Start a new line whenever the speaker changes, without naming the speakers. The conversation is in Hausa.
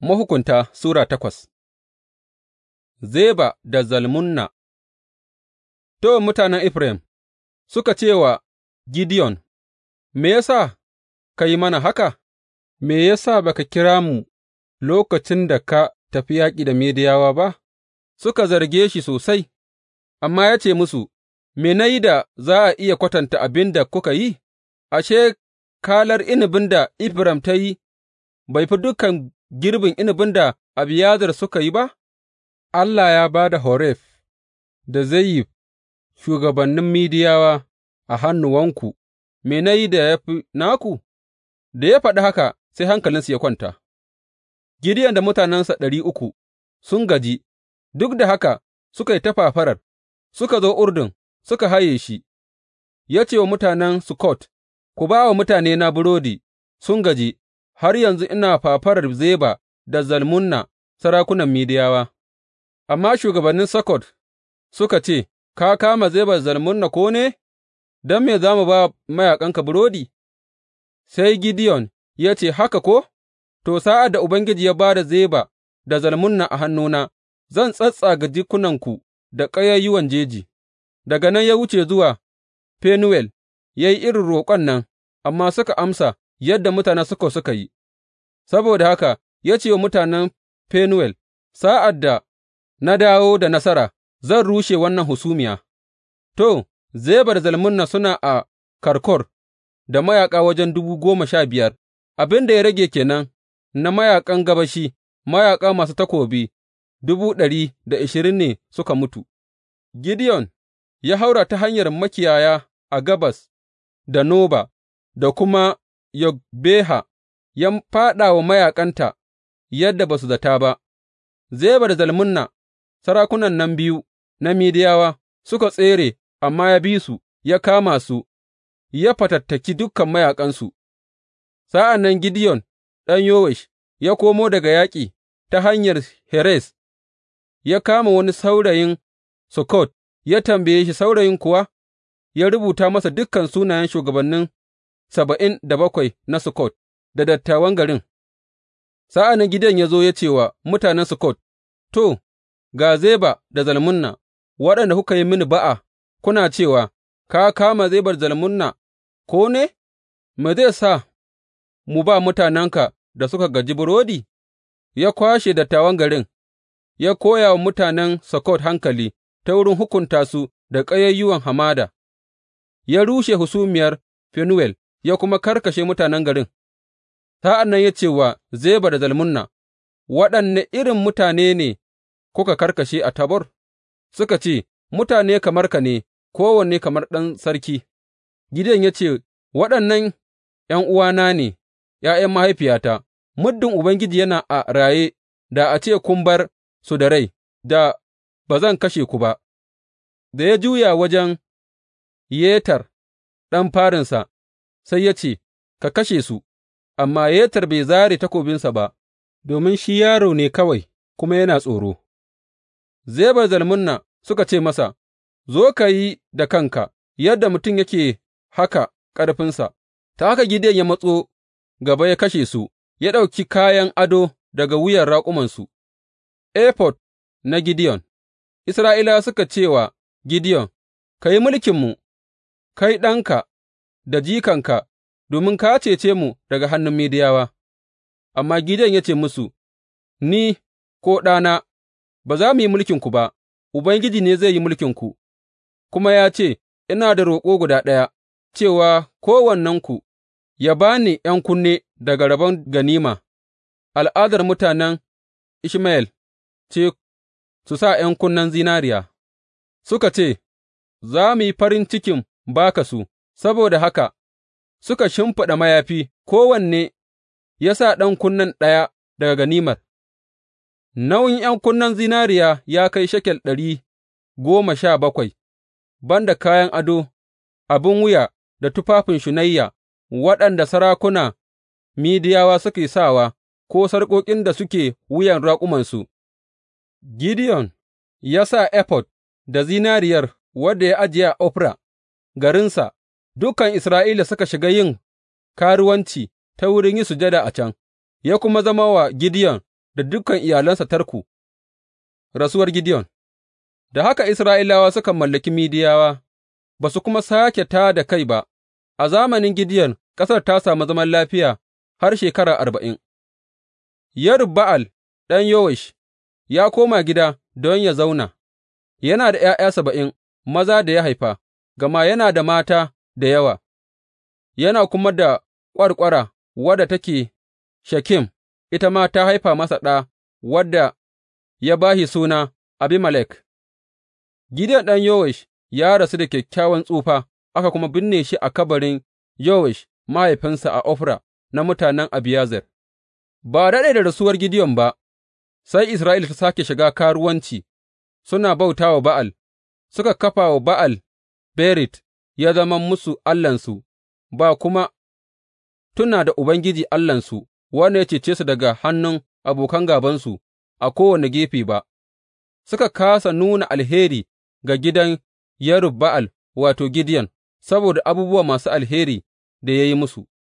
Mahukunta Sura takwas Zeba da Zalmunna To, mutanen Efraim suka ce wa Gideon, Me ya sa ka yi mana haka? Me ya sa ba ka kira mu lokacin da ka tafi yaƙi da Midiyawa ba? Suka zarge shi sosai, amma ya ce musu, Me na yi da za a iya kwatanta abin da kuka yi? Ashe, kalar inabin da Efraim ta yi bai fi dukan girbin inabin da Abiyazar suka yi ba? Allah ya ba da Horef da Zayif, shugabannin Midiyawa a hannuwanku, me na yi da ya fi naku? Da ya faɗi haka sai hankalinsu ya kwanta. Gideon da mutanensa ɗari uku sun gaji, duk da haka suka yi tafafarar, suka zo Urdun, suka haye shi, ya ce wa mutanen Sukot, Ku ba wa mutanena burodi, sun gaji, har yanzu ina fafarar Zeba da Zalmunna sarakunan Midiyawa, amma shugabannin Sukkot suka ce, Ka kama Zeba da Zalmunna ko ne, don me za mu ba mayaƙanka burodi? Sai Gideon ya ce, Haka ko, to, sa'ad da Ubangiji ya ba da Zeba da Zalmunna a hannuna, zan tsattsaga jikunanku da ƙayayyuwan jeji. Daga nan ya wuce zuwa Penuel ya yi irin roƙon nan, amma suka amsa, yadda mutanen Sukkot suka yi, saboda haka ya ce wa mutanen Fenuwel, Sa'ad da na dawo da nasara, zan rushe wannan husumiya, to, Zeba Zalmunna suna a Karkor da mayaƙa wajen dubu goma sha biyar, abin da ya rage kenan na mayaƙan gabashi, mayaƙa masu takobi dubu ɗari da ashirin ne suka mutu. Gideon ya haura ta hanyar makiyaya a gabas da Noba da kuma Yogbeha ya fāɗa wa mayaƙanta yadda ba su zata ba, Zeba da Zalmunna, sarakunan nan biyu na Midiyawa, suka tsere, amma ya bi su, ya kama su, ya fatattaki dukan mayaƙansu. Sa'an nan Gideyon ɗan Yowash ya komo daga yaƙi ta hanyar Heres, ya kama wani saurayin Sukkot, ya tambaye shi, saurayin kuwa ya rubuta masa dukan sunayen shugabannin saba'in da bakwai na Sukkot da dattawan garin. Sa'an nan Gideon ya zo ya ce wa mutanen Sukkot, To, ga Zeba da Zalmunna, waɗanda kuka yi mini ba'a, kuna cewa, Ka kama Zebar Zalmunna, ko ne, me zai sa mu ba mutanenka da suka gaji burodi? Ya kwashe dattawan garin, ya koya wa mutanen Sukkot hankali ta wurin hukunta su da ƙayayyuwan hamada, ya rushe husumiyar Fenuwel ya kuma karkashe mutanen garin. Sa'an nan ya ce wa Zeba da Zalmunna, Waɗanne irin mutane ne kuka karkashe a Tabor? Suka ce, Mutane kamar ka ne, kowanne kamar ɗan sarki. gidan ya ce, Waɗannan ’yan uwana ne, ’ya'yan mahaifiyata, muddin Ubangiji yana a raye, da a ce kun bar su da rai, da ba zan kashe ku ba. Da ya juya wajen Yetar ɗan farinsa, sai ya ce, Ka kashe su, amma Yeter bai zare takobinsa ba, domin shi yaro ne kawai kuma yana tsoro. Zeba Zalmunna suka ce masa, Zo ka yi da kanka, yadda mutum yake haka ƙarfinsa, ta haka Gideon ya matso gaba ya kashe su, ya ɗauki kayan ado daga wuyan raƙumansu, efod na Gideon. isra'ila suka ce wa Gideon, Ka yi mulkinmu, kai ɗanka da jikanka, domin ka cece mu daga hannun Midiyawa. Amma Gideon ya ce musu, Ni ko ɗana, ba za mu yi mulkinku ba, Ubangiji ne zai yi mulkinku, kuma ya ce, Ina da roƙo guda ɗaya, cewa kowannenku ya ba ni ’yan kunne daga rabon ganima, al'adar mutanen ishmael ce su sa ’yan kunnen zinariya, suka ce, Za mu yi farin cikin baka su. Saboda haka suka shimfiɗa mayafi, kowanne ya sa ɗan kunnen ɗaya daga ganimar, nauyin ’yan kunnen zinariya ya kai shekel ɗari goma sha bakwai, ban da kayan ado, abin wuya da tufafin shunayya waɗanda sarakuna Midiyawa suke sawa ko sarƙoƙin da suke wuyan raƙumansu, Gideon ya sa efod da zinariyar wanda ya ajiye a Ofra garinsa. dukan Isra'ila suka shiga yin karuwanci ta wurin yin sujada a can, ya kuma zama wa Gideyon da dukan iyalansa Tarku, rasuwar Gideyon. Da haka Isra'ilawa suka mallaki Midiyawa, ba su kuma sake ta da kai ba, a zamanin Gideyon ƙasar ta sami zaman lafiya har shekara arba'in. Yerub Ba'al ɗan Yowash ya koma gida don ya zauna, yana da ’ya'ya saba'in maza da ya haifa, gama yana da mata da yawa, yana kuma da ƙwarƙwara wadda take Shekem, ita ma ta haifa masa ɗa wadda ya ba shi suna Abimelek. Gideon ɗan Yowash ya rasu da kyakkyawan tsufa, aka kuma binne shi a kabarin Yowash mahaifinsa a Ofra na mutanen abiyazar. Ba daɗe da rasuwar Gideon ba, sai Isra'ila ta sake shiga karuwanci, suna bauta wa Ba'al, suka kafa wa Ba'al Berit, ya zama musu Allahnsu, ba kuma tuna da Ubangiji Allahnsu, wanda ya cece su daga hannun abokan gābansu a kowane gefe ba, suka kāsa nuna alheri ga gidan Yerub Ba'al, wato, Gideyon, saboda abubuwa masu alheri da ya yi musu.